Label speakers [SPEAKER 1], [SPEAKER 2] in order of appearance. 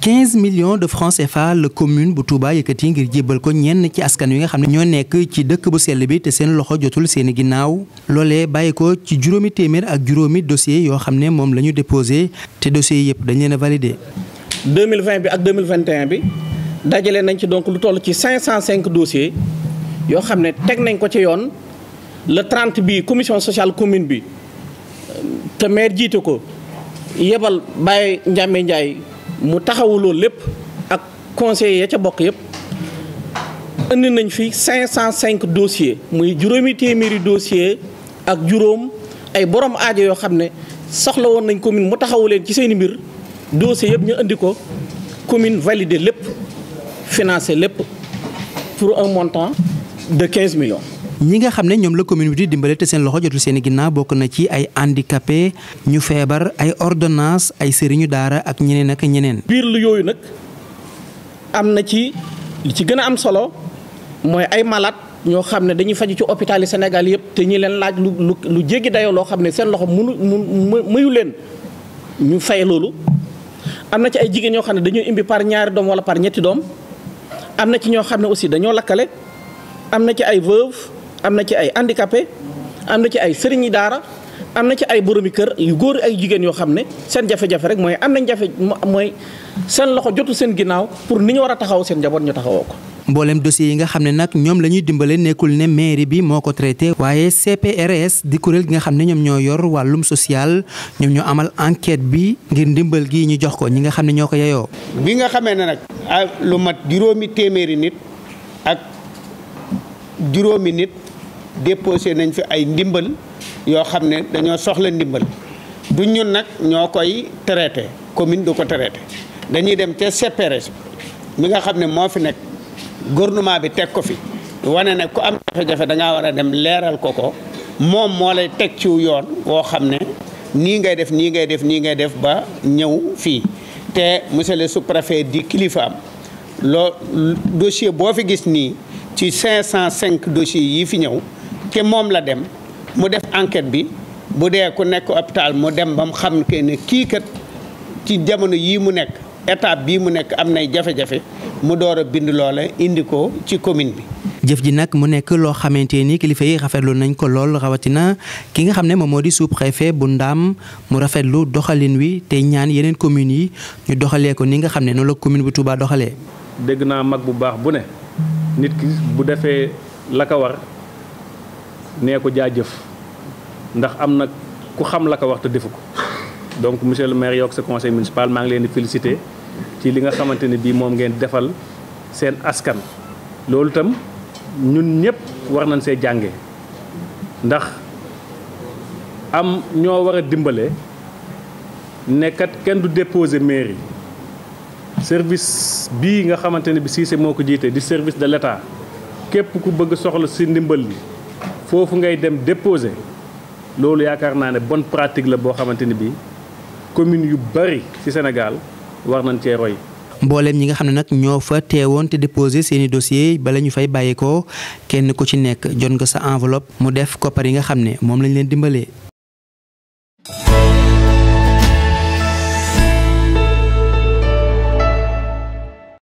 [SPEAKER 1] quinze millions de francs CFA la commune bu Touba yëkkati ngir jébbal ko ñenn ci askan wi nga xam ne ñoo nekk ci dëkk bu sell bi te seen loxo jotul seen i ginnaaw loolee bàyyi ko ci juróomi téeméer ak juróomi dossier yoo xam ne moom la déposé te dossiers yëpp dañ leen a validé.
[SPEAKER 2] 2020 bi ak 2021 bi dajale nañ ci donc lu toll ci 505 dossiers yoo xam ne teg nañ ko ci yoon le trente bi commission sociale commune bi euh, te maire jiite ko yebal Baye Ndiame Ndiaye. mu taxawu lépp ak conseil ya ca bokk yëpp indi nañ fi 505 dossiers muy juróomi téeméeri dossier ak juróom ay borom aajo yoo xam ne soxla woon nañ commune mu taxawuleen ci seen i mbir dossiers yëpp ñu indi ko commune validé lépp financé lépp pour un montant de 15 millions.
[SPEAKER 1] ñi nga xam ne ñoom la commune bi di dimbale te seen loxo jotul seen i bokk na ci ay handicapé ñu feebar ay ordonnance ay sëriñu daara ak ñeneen ak ñeneen.
[SPEAKER 2] biir lu yooyu nag am na ci li ci gën a am solo mooy ay malade ñoo xam ne dañuy faju ci hôpital yi Sénégal yëpp te ñi leen laaj lu lu lu jéggi dayoo loo xam ne seen loxo mënu mu mayu leen ñu fay loolu. am na ci ay jigéen ñoo xam ne dañoo imbi par ñaari doom wala par ñetti doom am na ci ñoo xam ne aussi dañoo lakkale am na ci ay am na ci ay handicapé am na ci ay yi daara am na ci ay boromi kër yu góor ay jigéen yoo xam ne seen jafe-jafe rek mooy am nañ jafe mooy seen loxo jotu seen ginnaaw pour ni ñu war a taxaw seen njaboot ñu taxawoo ko.
[SPEAKER 1] mboolem dossier yi nga xam ne nag ñoom la ñuy dimbale nekkul ne mairie bi moo ko traité. waaye CPRS di kuréel gi nga xam ne ñoom ñoo yor wàllum social ñoom ñu amal enquete bi ngir ndimbal gi ñu jox ko ñi nga xam ne ñoo ko yeyoo.
[SPEAKER 3] bi nga xamee ne nag lu mat juróomi téeméeri nit ak juróomi nit. déposé nañ fi ay ndimbal yoo xam ne dañoo soxla ndimbal du ñun nag ñoo koy traité commune du ko traité dañuy dem ca CPRS mi nga xam ne moo fi nekk gouvernement bi teg ko fi wane ne ku am jafe-jafe da war a dem leeral ko ko moom moo lay teg ci yoon woo xam ne nii ngay def nii ngay def nii ngay def ba ñëw fii te monsieur le sous-préfet di kilifaam loo dossier boo fi gis nii ci 505 dossiers yi fi ñëw te moom la dem mu def enquête bi bu dee ku nekk hôpital mu dem ba mu xam ne kii kat ci jamono yii mu nekk étape bii mu nekk am nay jafe-jafe mu door bind loole indi ko ci commune
[SPEAKER 1] bi. jëf ji nag mu nekk loo xamante ni kilifa yi rafetlu nañ ko lool rawatina ki nga xam ne moom moo di sous-préfet bu ndaam mu rafetlu doxalin wi te ñaan yeneen communes yi ñu doxalee ko ni nga xam ne noonu la commune bu Touba doxalee.
[SPEAKER 4] dégg naa mag bu baax bu ne nit ki bu la ko nee ko jaajëf ndax am na ku xam la ko wax defu ko donc monsieur le maire yokk sa conseil municipal maa ngi leen di féliciter ci li nga xamante ne bii moom ngeen defal seen askan. loolu itam ñun ñëpp war nañ see jànge ndax am ñoo war a dimbale nekkat kenn du déposer mairie service bi nga xamante ne bi Cissé moo ko jiite di service de l'État képp ku bëgg soxla si ndimbal li foofu ngay dem déposer loolu yaakaar naa ne bon pratique la boo xamante ni bii commune yu bari ci Sénégal war nañ cee roy.
[SPEAKER 1] mbooleem ñi nga xam ne nag ñoo fa teewoon te déposé seeni dossier bala ñu fay bàyyeekoo kenn ku ci nekk jot nga sa enveloppe mu def koppar yi nga xam ne moom lañ leen dimbalee.